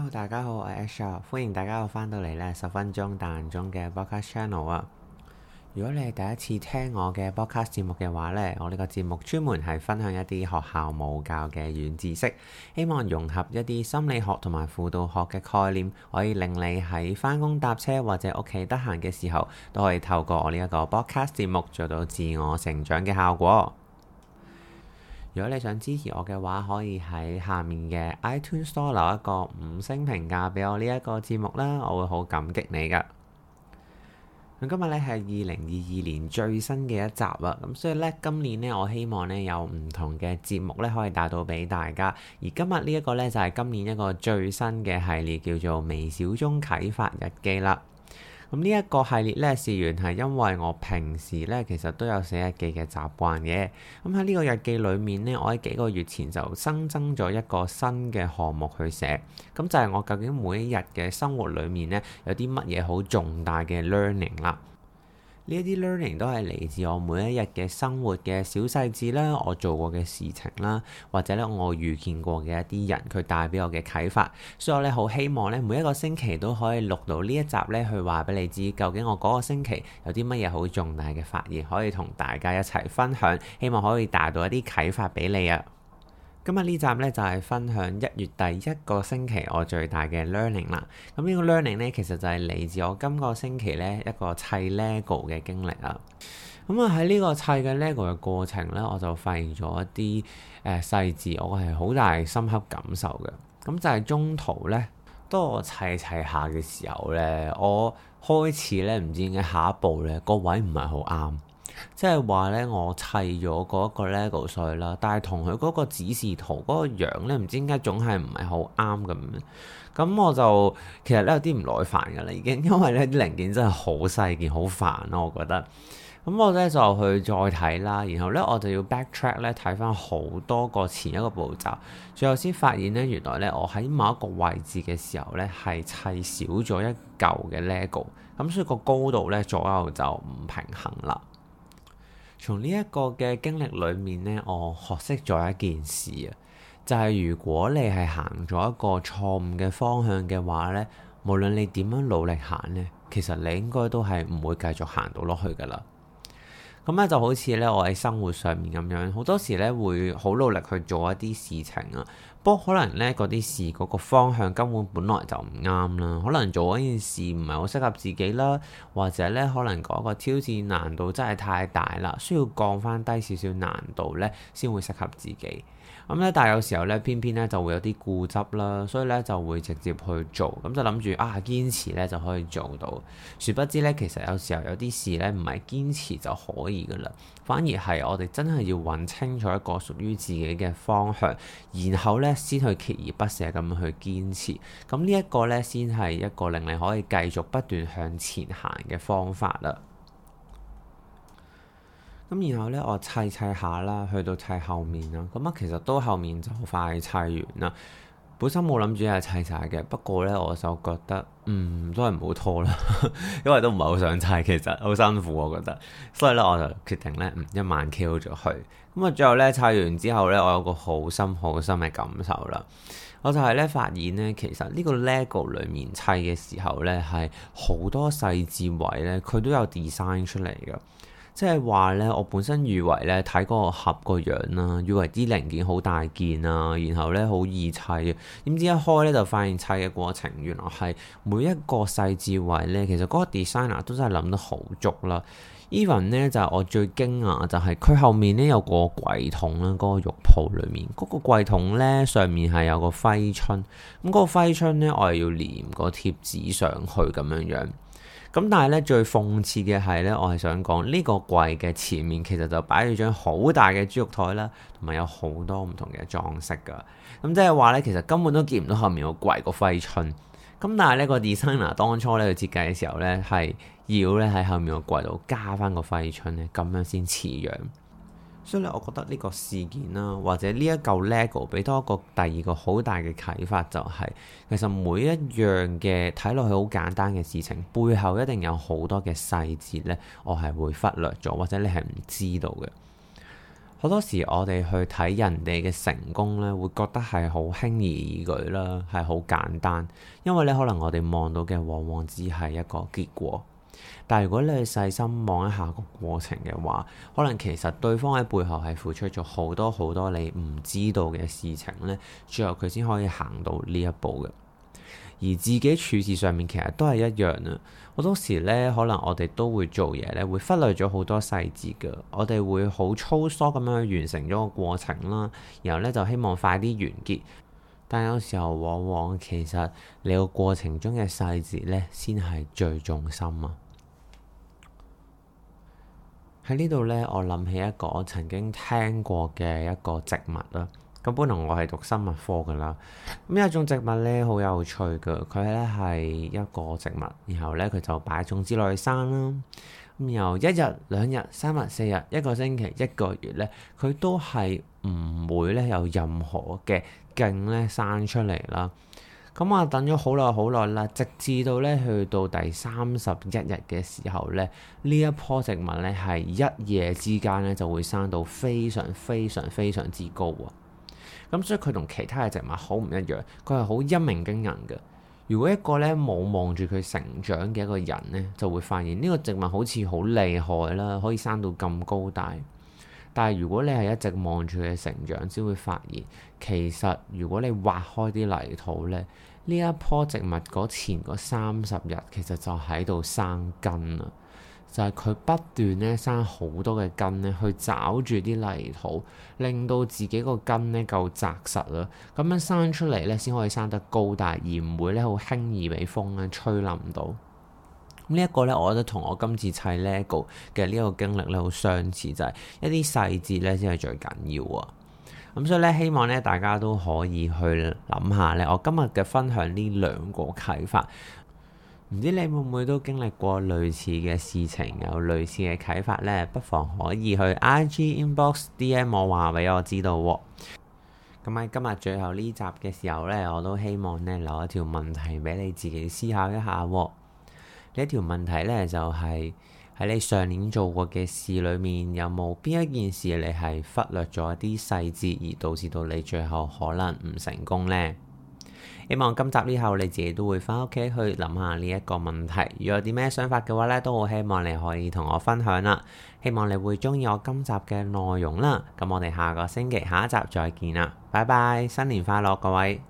Hello 大家好，我係 Ash，歡迎大家又翻到嚟呢十分鐘、廿分鐘嘅 Podcast Channel 啊！如果你係第一次聽我嘅 Podcast 節目嘅話呢，我呢個節目專門係分享一啲學校冇教嘅軟知識，希望融合一啲心理學同埋輔導學嘅概念，可以令你喺返工搭車或者屋企得閒嘅時候，都可以透過我呢一個 Podcast 節目做到自我成長嘅效果。如果你想支持我嘅話，可以喺下面嘅 iTunes Store 留一個五星評價俾我呢一個節目啦，我會好感激你噶。咁今日咧係二零二二年最新嘅一集啊，咁所以咧今年呢，我希望呢有唔同嘅節目咧可以帶到俾大家，而今日呢一個咧就係今年一個最新嘅系列叫做《微小中啟發日記》啦。咁呢一個系列呢，事源係因為我平時呢，其實都有寫日記嘅習慣嘅。咁喺呢個日記裏面呢，我喺幾個月前就新增咗一個新嘅項目去寫。咁就係我究竟每一日嘅生活裏面呢，有啲乜嘢好重大嘅 learning 啦。呢啲 learning 都係嚟自我每一日嘅生活嘅小細節啦，我做過嘅事情啦，或者咧我遇見過嘅一啲人，佢帶俾我嘅啟發。所以我咧好希望咧每一個星期都可以錄到呢一集咧，去話俾你知究竟我嗰個星期有啲乜嘢好重大嘅發現可以同大家一齊分享，希望可以帶到一啲啟發俾你啊！今日呢集咧就係、是、分享一月第一個星期我最大嘅 learning 啦。咁呢個 learning 呢，其實就係嚟自我今個星期呢一個砌 lego 嘅經歷啦。咁啊喺呢個砌嘅 lego 嘅過程呢，我就發現咗一啲誒細節，我係好大深刻感受嘅。咁就係中途呢，當我砌砌下嘅時候呢，我開始呢，唔知點解下一步呢、那個位唔係好啱。即係話咧，我砌咗嗰個 lego 碎啦，但係同佢嗰個指示圖嗰個樣咧，唔知點解總係唔係好啱咁。咁我就其實咧有啲唔耐煩噶啦，已經，因為咧啲零件真係好細件，好煩咯。我覺得咁我咧就去再睇啦，然後咧我就要 backtrack 咧睇翻好多個前一個步驟，最後先發現咧原來咧我喺某一個位置嘅時候咧係砌少咗一嚿嘅 lego，咁所以個高度咧左右就唔平衡啦。從呢一個嘅經歷裏面咧，我學識咗一件事啊，就係、是、如果你係行咗一個錯誤嘅方向嘅話咧，無論你點樣努力行咧，其實你應該都係唔會繼續行到落去噶啦。咁咧就好似咧，我喺生活上面咁樣，好多時咧會好努力去做一啲事情啊，不過可能咧嗰啲事嗰個方向根本本來就唔啱啦，可能做一件事唔係好適合自己啦，或者咧可能嗰個挑戰難度真係太大啦，需要降返低少少難度咧先會適合自己。咁咧，但係有時候咧，偏偏咧就會有啲固執啦，所以咧就會直接去做，咁就諗住啊，堅持咧就可以做到。殊不知咧，其實有時候有啲事咧唔係堅持就可以㗎啦，反而係我哋真係要揾清楚一個屬於自己嘅方向，然後咧先去鍥而不捨咁去堅持。咁呢一個咧先係一個令你可以繼續不斷向前行嘅方法啦。咁然後咧，我砌砌下啦，去到砌後面啦。咁啊，其實都後面就快砌完啦。本身冇諗住係砌晒嘅，不過咧，我就覺得嗯，都係唔好拖啦， 因為都唔係好想砌，其實好辛苦，我覺得。所以咧，我就決定咧，一晚 kill 咗佢。咁啊，最後咧砌完之後咧，我有個好深好深嘅感受啦。我就係咧發現咧，其實呢個 LEGO 裡面砌嘅時候咧，係好多細節位咧，佢都有 design 出嚟㗎。即係話咧，我本身以為咧睇嗰個盒個樣啦，以為啲零件好大件啊，然後咧好易砌嘅。點知一開咧就發現砌嘅過程，原來係每一個細節位咧，其實嗰個 designer 都真係諗得好足啦。Even 咧就係、我最驚訝就係、是、佢後面咧有個櫃桶啦，嗰、那個肉舖裏面嗰、那個櫃桶咧上面係有個揮春，咁、那、嗰個揮春咧我又要粘個貼紙上去咁樣樣。咁但係咧最諷刺嘅係咧，我係想講呢、呢個櫃嘅前面其實就擺咗張好大嘅豬肉枱啦，同埋有好多唔同嘅裝飾噶。咁即係話咧，其實根本都見唔到後面個櫃個揮春。咁但係呢、嗰個 designer 當初咧去設計嘅時候咧，係要咧喺後面個櫃度加返個揮春咧，咁樣先似樣。.所以我覺得呢個事件啦，或者呢一嚿 LEGO 俾多一個第二個好大嘅啟發，就是，就係其實每一樣嘅睇落去好簡單嘅事情，背後一定有好多嘅細節呢，我係會忽略咗，或者你係唔知道嘅。好多時我哋去睇人哋嘅成功呢，會覺得係好輕而易舉啦，係好簡單，因為咧可能我哋望到嘅往往只係一個結果。但係如果你去細心望一下個過程嘅話，可能其實對方喺背後係付出咗好多好多你唔知道嘅事情呢，最後佢先可以行到呢一步嘅。而自己處事上面其實都係一樣啊。好多時咧，可能我哋都會做嘢呢，會忽略咗好多細節噶。我哋會好粗疏咁樣完成咗個過程啦，然後呢就希望快啲完結。但有時候往往其實你個過程中嘅細節呢，先係最重心啊。喺呢度咧，我諗起一個我曾經聽過嘅一個植物啦。咁本來我係讀生物科噶啦。咁一種植物咧，好有趣嘅。佢咧係一個植物，然後咧佢就擺種子落去生啦。咁由一日、兩日、三日、四日、一個星期、一個月咧，佢都係唔會咧有任何嘅莖咧生出嚟啦。咁啊，我等咗好耐，好耐啦，直至到咧去到第三十一日嘅時候咧，呢一棵植物咧係一夜之間咧就會生到非常非常非常之高啊！咁所以佢同其他嘅植物好唔一樣，佢係好一鳴驚人嘅。如果一個咧冇望住佢成長嘅一個人咧，就會發現呢個植物好似好厲害啦，可以生到咁高大。但係如果你係一直望住佢嘅成長，先會發現其實如果你挖開啲泥土咧，呢一棵植物嗰前嗰三十日其實就喺度生根啦，就係佢不斷咧生好多嘅根咧去找住啲泥土，令到自己個根咧夠扎實啦，咁樣生出嚟咧先可以生得高大，而唔會咧好輕易俾風咧吹冧到。咁呢一個呢，我覺得同我今次砌 Lego 嘅呢個經歷呢，好相似，就係一啲細節呢，先係最緊要啊。咁所以呢，希望呢，大家都可以去諗下呢，我今日嘅分享呢兩個啟發，唔知你會唔會都經歷過類似嘅事情，有類似嘅啟發呢，不妨可以去 IG inbox DM 我話俾我知道喎。咁喺今日最後呢集嘅時候呢，我都希望呢，留一條問題俾你自己思考一下喎。呢一條問題呢，就係喺你上年做過嘅事裏面，有冇邊一件事你係忽略咗啲細節，而導致到你最後可能唔成功呢？希望今集之後你自己都會翻屋企去諗下呢一個問題。如果有啲咩想法嘅話呢，都好希望你可以同我分享啦。希望你會中意我今集嘅內容啦。咁我哋下個星期下一集再見啦，拜拜，新年快樂各位！